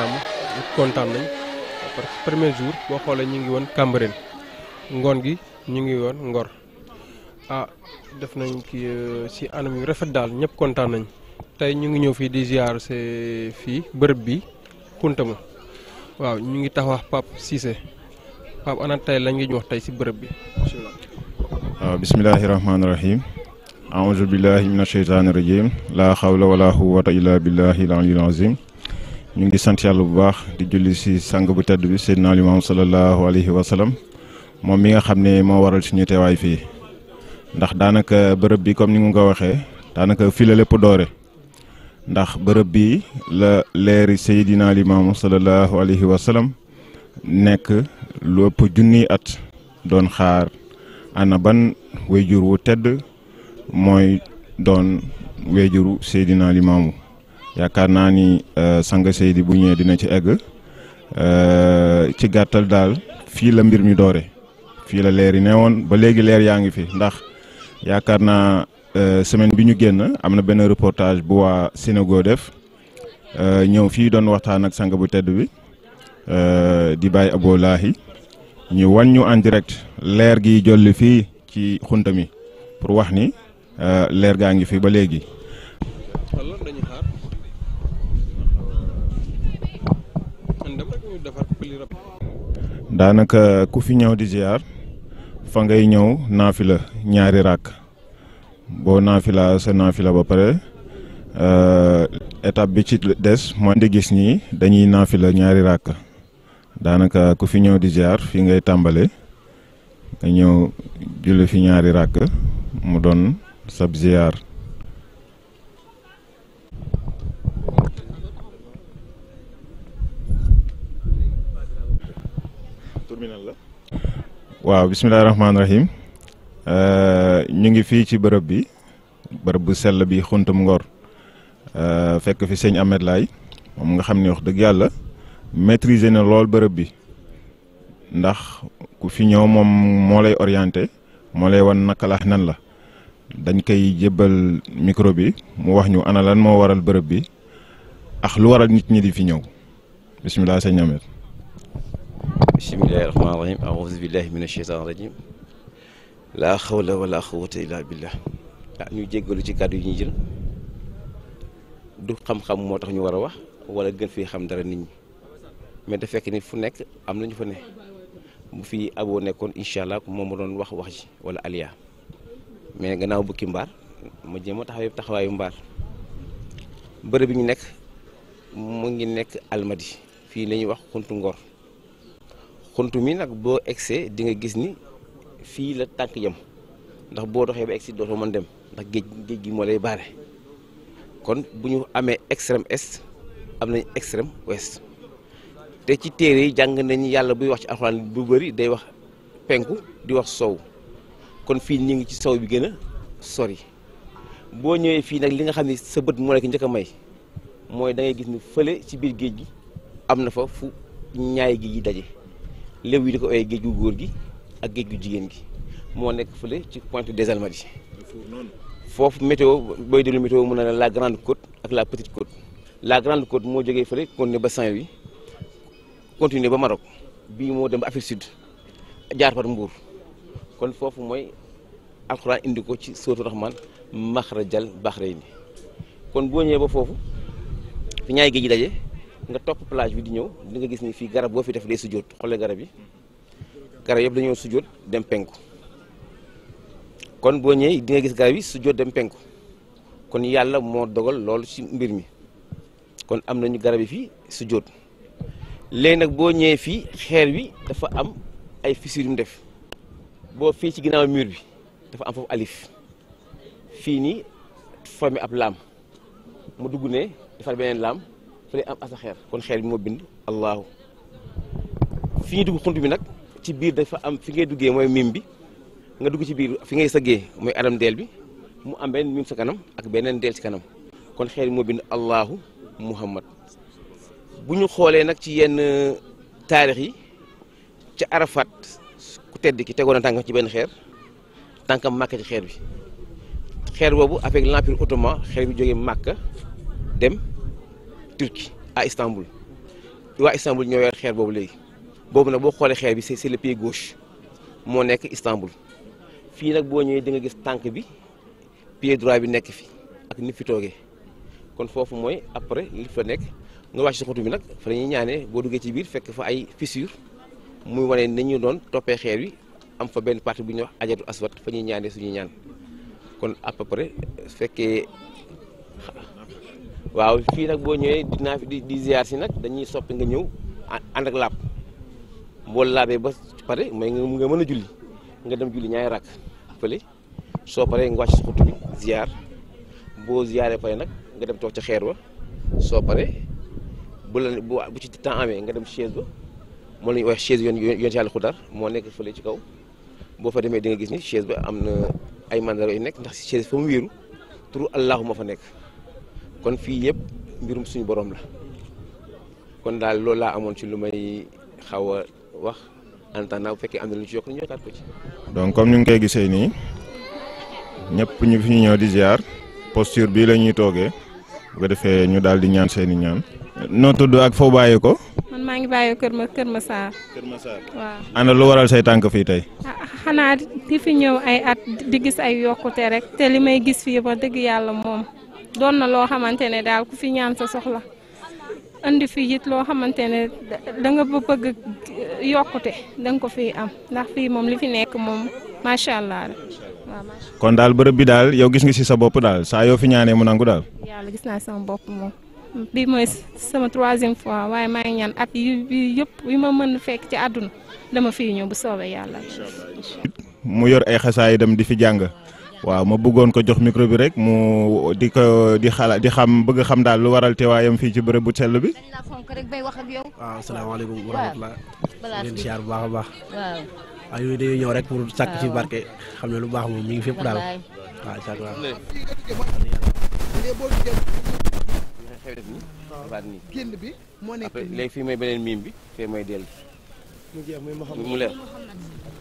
jàmm kontaan nañ parce jour boo xoolee ñu ngi woon Cambérène ngoon gi ñu ngi woon Ngor ah def nañ ki euh, si anam yu rafet daal ñëpp kontaan nañ tey ñu ngi ñëw fii di ziar see fii bërëb bi Kuntama waaw ñu ngi taxawax Pape Cissé Pape ana tey lañ ngi wax tey si bërëb bi waaw ah, bismillahi rahmaani rahim aouzu billahi min asheytaani rajim laa xawla wala quwwata illa billahi al aliyyil azim ñu ngi sant bu baax di julli si sang bu tedd bi Seydina Limaam sallallahu alayhi wa sallam moom mi nga xam ne moo waral suñu teewaay fii ndax daanaka bërëb bi comme ni nga ko waxee daanaka fii la lépp doore ndax bërëb bi la leeri Seydina Limaam sallallahu alayhi wa sallam nekk lu ëpp junni at doon xaar ana ban wéyjur wu tedd mooy doon wéyjuru Seydina Limaamu yaakaar naa ni euh, sang Seydi bu ñëwee dina ci egg euh, ci gàttal daal fii la mbir mi doore fii la leer yi ne woon ba léegi leer yaa ngi fi ndax yaakaar naa euh, semaine bi ñu génn am na benn reportage bu waa Sénégal def ñëw fii doon waxtaan ak sang bu tedd bi di Baye Abou Lahi ñu wan ñu en direct leer gi jolli fii ci xunta mi pour wax ni leer gaa ngi fi ba léegi. daanaka ku fi ñëw di ziar fa ngay ñëw naafila ñaari ràkk boo naafila sa naafila ba pare euh, étape bi ci des mooy di gis nii dañuy naafila ñaari ràkk daanaka ku fi ñëw di ziar fi ngay tàmbale nga ñëw julli fi ñaari ràkk mu doon sab ziar. waaw bisimilah rahmaani rahim euh, ñu ngi fii ci bërëb bi bërëb bu sell bi xuntum ngor euh, fekk fi sëñ Ahmed lay moom nga xam ne wax dëgg yàlla maîtriser na lool bërëb bi ndax ku fi ñëw moom moo lay orienté moo lay wan naka la nan la dañ koy jébbal micro bi mu wax ñu ana lan moo waral bërëb bi ax lu waral nit ñi di fi ñëw bisimilah sëñ Ahmed. bismillahi rahmaani rahim aouzu billahi min asheytaan rajim xawla wala xawata illa billah ah ñu jéggalu ci kàddu yi ñuy jël du xam-xam moo tax ñu war a wax wala gën fii xam dara nit ñi mais da fekk ni fu nekk am nañu fa ne bu fi aboo nekkoon incha allah moom ma doon wax wax ji wala aliya mais gannaaw bukki mbaar ma jéem a taxawee taxawaayu mbaar bërëb bi ñu nekk mu ngi nekk almadi fii lañuy wax xuntu ngor xontu mi nag boo egsee dinga gis ni fii la tànk yem ndax boo doxee ba egsi dootoo mën dem ndax géej géej gi moo lay baare kon bu ñu amee extrême est am nañ extrême ouest te ci téere yi jàng nañu yàlla buy wax ci alxuraan bu bari day wax penku di wax sow kon fii ñu ngi ci sow bi gën a sori boo ñëwee fii nag li nga xam ni sa bët moo nekk njëkk a may mooy dangay gis ni fële ci biir géej gi am na fa fu ñaay gi yi daje léew yi di ko ooyee géej gu góor gi ak géej gu jigéen gi moo nekk fële ci pointe des Almadies foofu météo booy déglu météo mun na la grande côte ak la petite côte la grande côte moo jógee fële continuer ba Saint-Louis continuer ba Maroc bii moo dem ba Afrique sud jaar par Mbour kon foofu mooy alxuraan indi ko ci sóotu Rahman maxrajal baxrayni kon boo ñëwee ba foofu fi ñaari géej yi daje. nga topp plage bi di ñëw di nga gis ni fii garab boo fi def day sujjóot xoolee garab yi garab yëpp dañoo sujjóot dem penku kon boo ñëwee di nga gis garab yi sujjóot dem penku kon yàlla moo dogal loolu ci mbir mi kon am nañu garab yi fii sujjóot léegi nag boo ñëwee fii xeer wi dafa am ay fissures yu def boo fii ci ginnaaw mur bi dafa am foofu alif fii nii formé ab laam mu dugg ne defar beneen laam. fu ne asa xeer kon xeer bi moo bind allahu fi ñuy dugg xunt bi nag ci biir dafa am fi ngay duggee mooy mim bi nga dugg ci biir fi ngay sëggee mooy adam deel bi mu am benn mim sa kanam ak beneen deel ci kanam kon xeer bi moo bind allahu muhammad bu ñu xoolee nag ci yenn euh, taarix yi ca arafat ku tedd ki tegoon na tànkam ci benn xeer tànkam màkk ci xeer bi xeer boobu avec l'empire ottoman xeer bi jógee màkk dem Turquie à Istanbul waa Istanbul ñoo yor xeer boobu léegi boobu nag boo xoolee xeer bi c'est le pied gauche moo nekk Istanbul fii nag boo ñëwee di nga gis tànk bi pied droit bi nekk fi ak ni fi toogee kon foofu mooy après li fa nekk nga wàcc si xotu bi nag fa la ñuy ñaanee boo duggee ci biir fekk fa ay fissure muy wane ni ñu doon toppee xeer bi am fa benn partie bu ñuy wax ajatu aswat fa ñuy ñaanee suñuy ñaan kon à fekkee waaw fii nag boo ñëwee dinaa fi di ziar si nag dañuy soppi nga ñëw ànd ak làpp boo laabee ba pare may nga mën a julli nga dem julli ñaari rakk fële soo paree nga wàcc si xottu bi ziar boo ziaree pare nag nga dem toog ca xeer wa soo paree bu la bu ci temps amee nga dem chaise ba moo la wax chaise yoon yoon si yàlla xudar moo nekk fële ci kaw boo fa demee di nga gis ni chaise ba am na ay mandara yu nekk ndax chaise fa mu wéeru turu allahu fa nekk. kon fii yëpp mbirum suñu borom la kon daal loolu laa amoon ci lu may xaw a wax en attendant bu fekkee am na lu ci yokk ñu yokkaat ko ci. donc comme ñu ngi koy gisee nii ñëpp ñu fi ñëw di ziar posture bii la ñuy toogee bu defee ñu daal di ñaan seeni ñaan. noo tudd ak foo bàyyi ko. man maa ngi bàyyi kër ma kër Massar. kër Massar waaw. ana lu waral say tànk fii tey. Ah, xanaa di fi ñëw ay at di gis ay yokkute rek te li may gis fii ba dëgg yàlla moom. doon na loo xamante ne daal ku fi ñaan sa soxla indi fi it loo xamante ne danga nga bëgg yokkute danga ko fi am ndax fii moom li fi nekk moom macha allah. kon daal bërëb bi daal yow gis nga si sa bopp daal saa yoo fi ñaanee mu nangu daal. yàlla gis naa sama bopp moom bi mooy sama troisième fois waaye maa ñaan at yu yëpp yu ma mën fekk ci àdduna dama fii ñëw bu soobee yàlla. mu yor ay xasaay dem di fi jàng. waaw ma bëggoon ko jox micro bi rek mu di ko di xala di xam bëgg xam daal lu waral teewaayam fii ci bërëb bu sell bi. waaw salaamaaleykum wa rahmatulah. balaa leen siyaar bu baax ñëw rek pour ci barke xam ne lu baax mi ngi fépp daal. bi moo nekk nii beneen miim bi fee mooy mu leer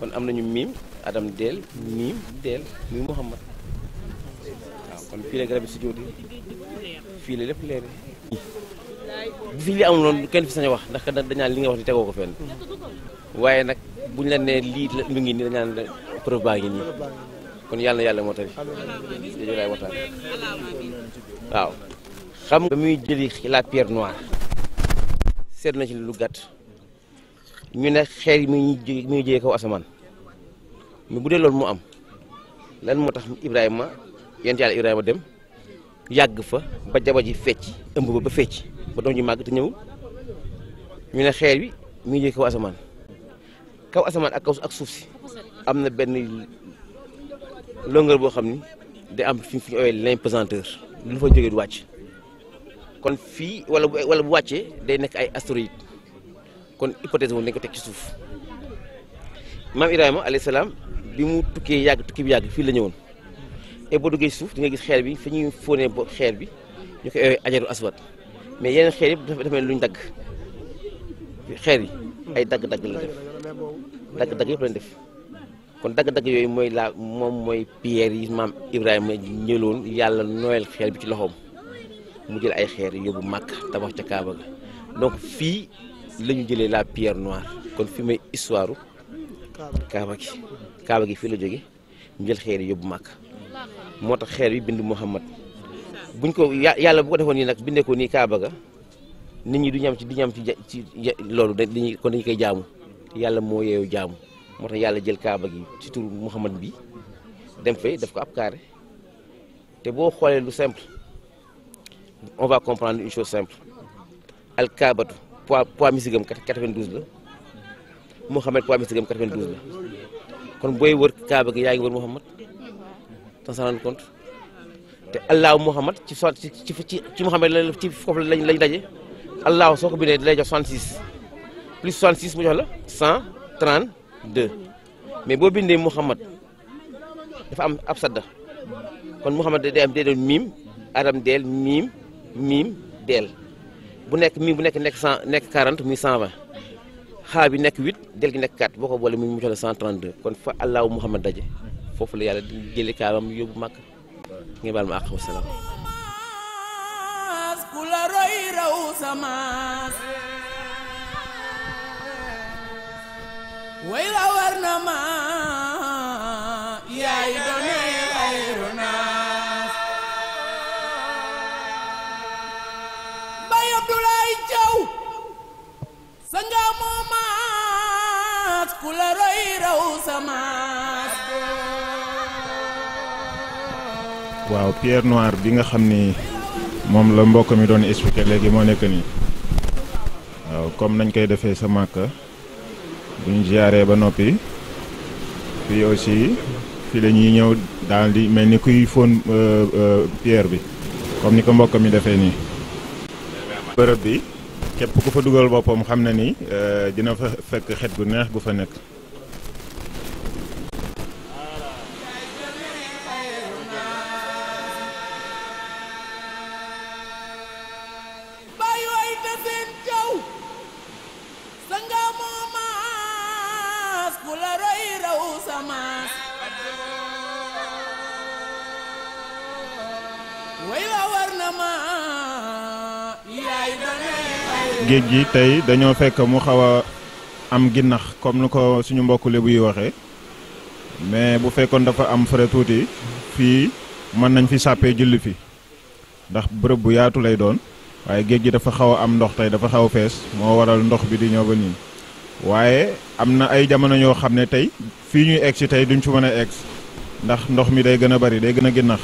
kon am nañu miim. adam deel miim deel muy Muhammad waaw kon fii la garab yi si jóoti fii la lépp leere bu fi li amul kenn fi sañ wax ndax dañaan li nga wax ni tegoo ko fenn waaye nag buñ la nee lii lu ngi nii dañaan preuve baa ngi nii kon yàlla yàlla moo tari waaw xam nga muy jëli la pierre noire seet na ci lu gàtt ñu ne xeer yi mu ñuy jóge kaw asamaan mais bu dee loolu moo am lan moo tax Ibrahima yent yàlla Ibrahima dem yàgg fa ba jaba ji fecc ëmb ba ba fecc ba doom ji màgg te ñëwul ñu ne xeer bi mu ngi jóge kaw asamaan kaw asamaan ak suuf si am na benn longueur boo xam ni day am fi ñu ooyee l'impesanteur lu fa jógee du wàcc kon fii wala bu wala bu wàccee day nekk ay astéroïde kon hypothèse boobu dañ ko teg ci suuf maam Ibrahima alayhi salaam bi mu tukkee yàgg tukki bi yàgg fii la ñëwoon et boo duggee suuf di nga gis xeer bi fi ñuy fóonee bo xeer bi ñu koy ewee ajaru aswad mais yeneen xeer yëpp dafa dafa mel luñ dagg xeer yi ay dagg-dagg la def dagg-dagg yëpp lañ def kon dagg-dagg yooyu mooy laa moom mooy pierre yi maam Ibrahima ñëloon yàlla nooyal xeer bi ci loxoom mu jël ay xeer yóbbu màkk tabax ca Kaaba ga donc fii la ñu jëlee la pierre noire kon fi may histoire kaaba gi kaaba gi fii la jóge ñu jël xeer yi yóbbu màkk moo tax xeer yi bind Muhammad buñ ko yàlla bu ko defoon nii nag bindee ko nii kaaba ga nit ñi du ñam ci du ñam ci ci loolu dañuy kon dañu koy jaamu yàlla moo yeewu jaamu moo tax yàlla jël kaaba gi ci turu Muhammad bi dem fay def ko ab carré te boo xoolee lu simple on va comprendre une chose simple al kaabatu poids poids misigam 92 la Mouhamed poids mystique am 92 la kon booy wër Kaaba gi yaa ngi wër Mouhamed sans s'en rendre compte te allahu Mouhamed ci soit ci ci ci Mouhamed lañ ci foofu lañ lañ daje allahu soo ko bindee da lay jox 66 plus 66 mu jox la 132 mais boo bindee Mouhamed dafa am ab sadda kon Mouhamed day am day doon miim adam deel miim miim deel bu nekk miim bu nekk nekk 100 nekk 40 muy 120. xaa bi nekk huit del gi nekk quatre boo ko boole mu mucc la cent trente deux kon fa allahu muhammad daje foofu la yàlla jëli kaabam yóbbu màkk ngeen baal ma àq ku la roy raw samaas way la war na maas waaw pierre noire bi nga xam ni moom la mbokk mi doon expliqué léegi moo nekk nii waaw comme nañ koy defee sa màkka buñ ziaree ba noppi fii aussi fii la ñëw daal di mel ni kuy fóon euh, euh, pierre bi comme ni ko mbokk mi defee nii bërëb bi képp ku fa dugal boppam xam na ni euh, dina fa fekk xet gu neex gu fa nekk. géej gi tey dañoo fekk mu xaw a am ginnax comme ni ko suñu mbokk lébu yi waxe mais bu fekkoon dafa am frais tuuti fii mën nañ fi sàppee julli fi ndax bërëb bu yaatu lay doon waaye géej gi dafa xaw am ndox tey dafa xaw a fees moo waral ndox bi di ñëw ba nii waaye am na ay jamono ñoo xam ne tey fii ñuy egg si tey duñ fi mën a egg ndax ndox mi day gën a bari day gën a ginnax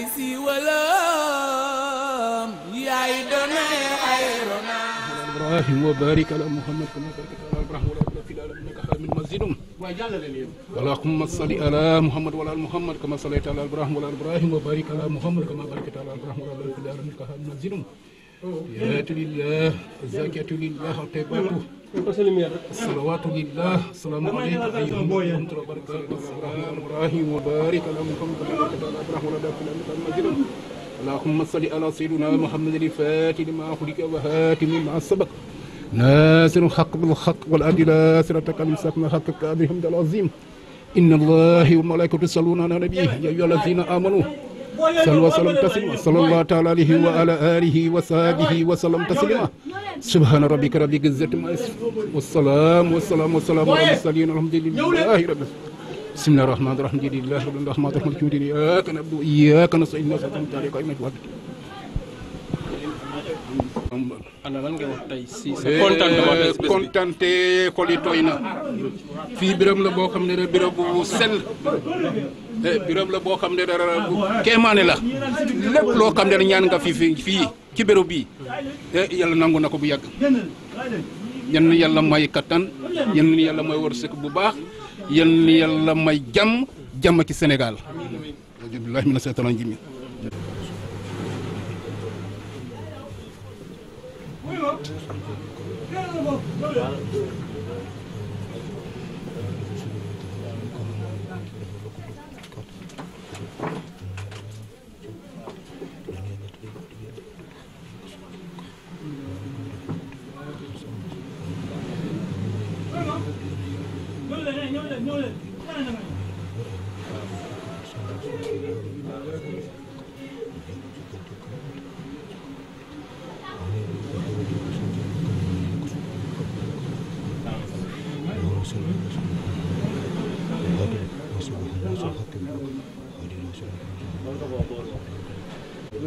yaay siiwalaam yaay donay xayronaa ibrahim wa barik ala muhammad kama barakta ala ibrahim wa ala fil alamin innaka hamidun majid waaye jàllale leen allahumma salli ala muhammad wa ala muhammad kama sallayta ala ibrahim wa ala ibrahim wa barik ala muhammad kama barakta ala ibrahim wa ala fil alamin innaka hamidun majid oh. yaatu lillah zakiyatu lillah tayyibatu صلوات الله السلام عليك أيها وأنت وبركاته الرحمن الرحيم وبارك لهم وبارك على برحمة الله في الأمر المجرم اللهم صل على سيدنا محمد الفاتح لما أخلق وهاتم ما سبق ناصر الحق بالحق والأدل سرتك المساكن حق كاذهم العظيم إن الله وملائكته يصلون على نبيه يا أيها الذين آمنوا sal wa salam taslima sallallahu taala alayhi wa ala alihi wa sahbihi wa salam taslima subhana rabbika rabbil izzati ma yasifun wasalaam wasalaam wasalaam ala mursalin alhamdulillahi rabbil bismillahi rahmani rahim alhamdulillahi rabbil rahmani rahim alhamdulillahi iyyaka na'budu wa iyyaka nasta'in ihdinas siratal mustaqim ana lan nga wax tey si sa contentement eh, contente xol yi tooy na fii béréb la boo xam ne béréb bu sell Eh, biram la boo xam ne dara kéemaane la lépp loo xam ne ñaan nga fi fii ci béro bii te eh, nangu na ko bu yàgg yal na yàlla may kattan yal yàlla may wërsëg bu baax yal na yàlla may jàmm jàmm ci Sénégal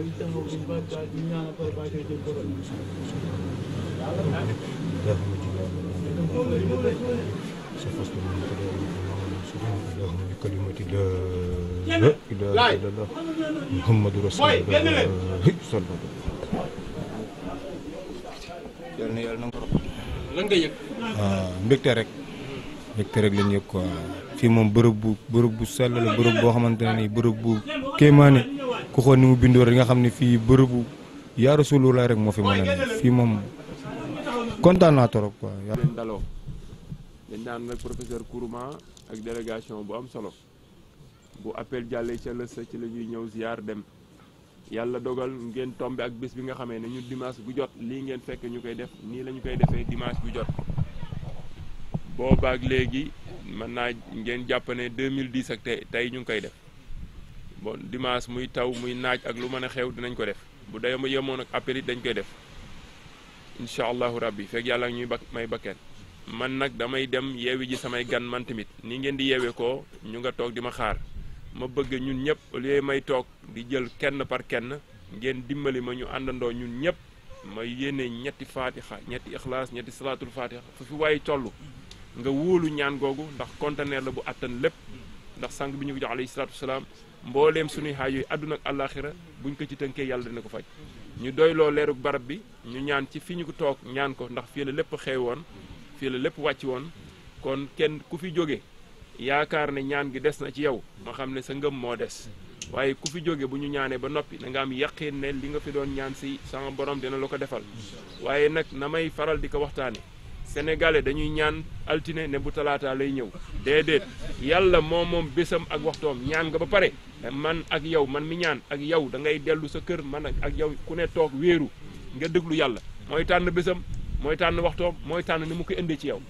bañ taxaw bu baax daal di rek mbégte rek lañ yëg quoi fii moom bërëb bu bërëb bu bërëb boo xamante ne nii bërëb bu kéemaane ku xool ni mu bindoo rek nga xam ne fii bërëbu yaa Rasulullah rek moo fi mën a fii moom kontaan naa trop quoi. leen daloo dañ daan nag professeur Kourouma ak délégation bu am solo bu appel jàllee ca lës ci la ñuy ñëw ziar dem yàlla dogal ngeen tombe ak bés bi nga xamee ne ñu dimanche bu jot lii ngeen fekk ñu koy def nii lañu koy defee dimanche bu jot. boobaak léegi mën naa ngeen jàpp ne 2010 ak tey tey ñu ngi koy def. bon dimanche muy taw muy naaj ak lu mën a xew dinañ ko def bu dee ma yemoon ak appel dañ koy def incha allahu rabbi fekk yàlla ñuy bak may bakkeen man nag damay dem yeewi ji samay gan man tamit ni ngeen di yeewee ko ñu nga toog di ma xaar ma bëgg ñun ñëpp au lieu may toog di jël kenn par kenn ngeen dimbali ma ñu àndandoo ñun ñëpp ma yéenee ñetti faatixa ñetti ixlaas ñetti salaatul faatixa fu fi waaye toll nga wóolu ñaan googu ndax conteneur la bu attan lépp ndax sang bi ñu jox alayhi mbooleem suñuy xaaj yooyu àdduna ak àllaaxira buñ ko ci tënkee yàlla dina ko faj ñu doy loo leerug barab bi ñu ñaan ci fi ñu ko toog ñaan ko ndax fii la lépp xew woon fii la lépp wàcc woon kon kenn ku fi jóge yaakaar ne ñaan gi des na ci yow ma xam ne sa ngëm moo des waaye ku fi jóge bu ñu ñaanee ba noppi da nga am yaqin ne li nga fi doon ñaan si sama borom dina la ko defal waaye nag na may faral di ko waxtaane sénégalais dañuy ñaan altine ne bu talaata lay ñëw déedéet yàlla moo moom bésam ak waxtoom ñaan nga ba pare man ak yow man mi ñaan ak yow da ngay dellu sa kër man ak yow ku ne toog wéeru nga déglu yàlla mooy tànn bésam mooy tànn waxtoom mooy tànn ni mu ko indee ci yow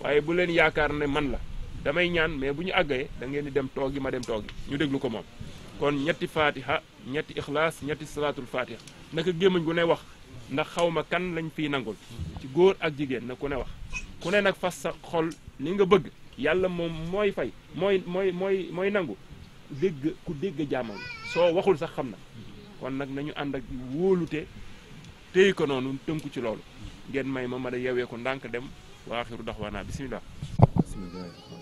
waaye bu leen yaakaar ne man la damay ñaan mais bu ñu àggee da ngeen di dem toogi ma dem toogi ñu déglu ko moom kon ñetti fatiha ñetti ixlaas ñetti salaatul fatiha naka gémmañ gu ne wax ndax xaw kan lañ fiy nangul ci góor ak jigéen na ku ne wax ku ne nag fas sa xol ni nga bëgg yàlla moom mooy fay mooy mooy mooy mooy nangu dégg ku dégg jàmmam soo waxul sax xam na kon nag nañu ànd ak wóolute téy ko noonu tënku ci loolu ngeen may ma ma da yewee ko ndànk dem waaxiru dox waanaa bisimilah bisimilah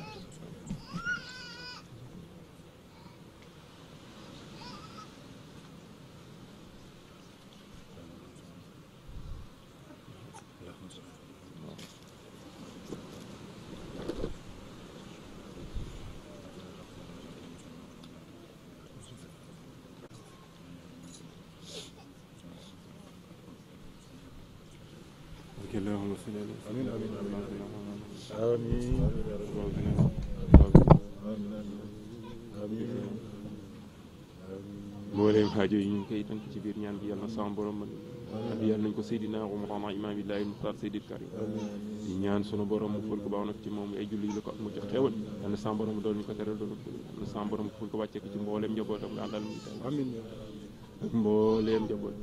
mbooleem xaajo yi ñu ngi koy tënk ci biir ñaan bi yàlla sama borom man ak yàlla nañ ko Seydina Mawlana Imaam Illaahi Muxtaar Seydil Karim di ñaan sunu borom mu ful ko ci moom ay julli la ko ak mu jox xéwal yal na sama borom doon ñu ko teral doon na sama borom ful ko wàcce ko ci mbooleem njabootam nga àndal muy ak mbooleem njaboot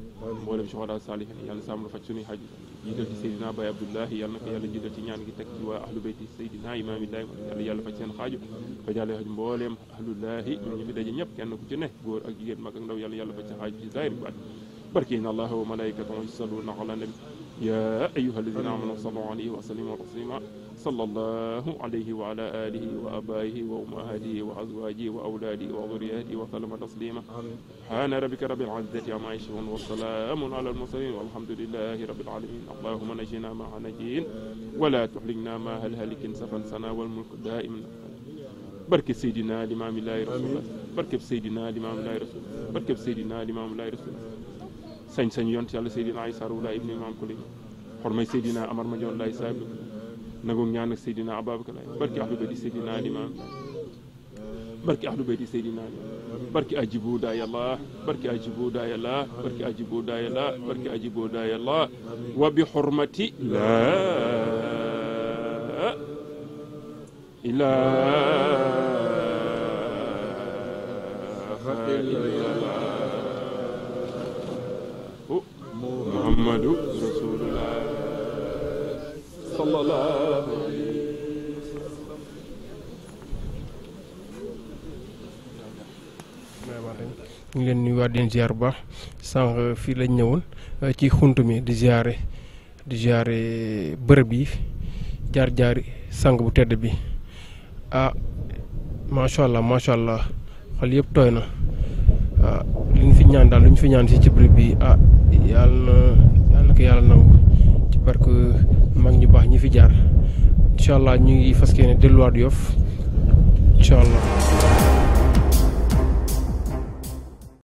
mbooleem soxodaa saalihin yàlla sàmm la faj sunuy xaajo jiital ci Seydina Baye Abdullahi yàlla na ko yàlla jiital ci ñaan gi teg ci waa ahlu bayti Seydina Imaam seen xaaju faj yàlla faj mbooleem ahlullahi ñun ñu fi daje ñëpp kenn ku ci ne góor ak jigéen mag ak ndaw yàlla yàlla faj sa xaaju ci zaahir baat barke inna allaha wa malaikatahu yusalluuna ala nabi ya ayyuha alladina amanu sallu alayhi wa sallimu taslima sallallahu alayhi wa ala alihi wa abaahi wa ummahatihi wa azwaajihi wa awlaadihi wa dhurriyyatihi wa sallama taslima subhaana rabbika rabbil izzati amma yasifun wa salaamun ala al-mursalin walhamdulillahi rabbil alamin allahumma najjina maa najin wala tuhlikna maa hal halikin safan sana wal mulku daiman barkeb Seydina Limaamu Laay rasulullah barkeb Seydina Limaamu Laay rasulullah barkeb Seydina Limaamu Laay rasulullah sañ-sañ yont yàlla Seydina Isaa Ruuhu Laay ibn Imaam Kuli xormay Seydina Amar ma joon Laay saabi nagoo ñaan ak Seydina Ababacar Laye barki ahlu bayti Seydina Limam barki ahlu bayti Seydina Limam barki ajibu daay Allah barki ajibu daay Allah barki ajibu daay Allah barki ajibu daay Allah wa bi hurmati laa ilaaha illallah oh, Muhammadu ñu ngi leen nuyuwaat di ziar bu baax sànq fii lañ ñëwoon eh, ci xunt mi di ziare di ziare bërëb yi jaar jaari sànq bu tedd bi ah macha allah macha allah xol yëpp tooy na ah li ñu fi ñaan daal lu ñu fi ñaan si ci bërëb bi ah yàlla na yàlla na ko nangu ci barke. mag ñu baax ñi fi jaar incha allah ñu ngi ne yéene delluwaat Yoff incha allah.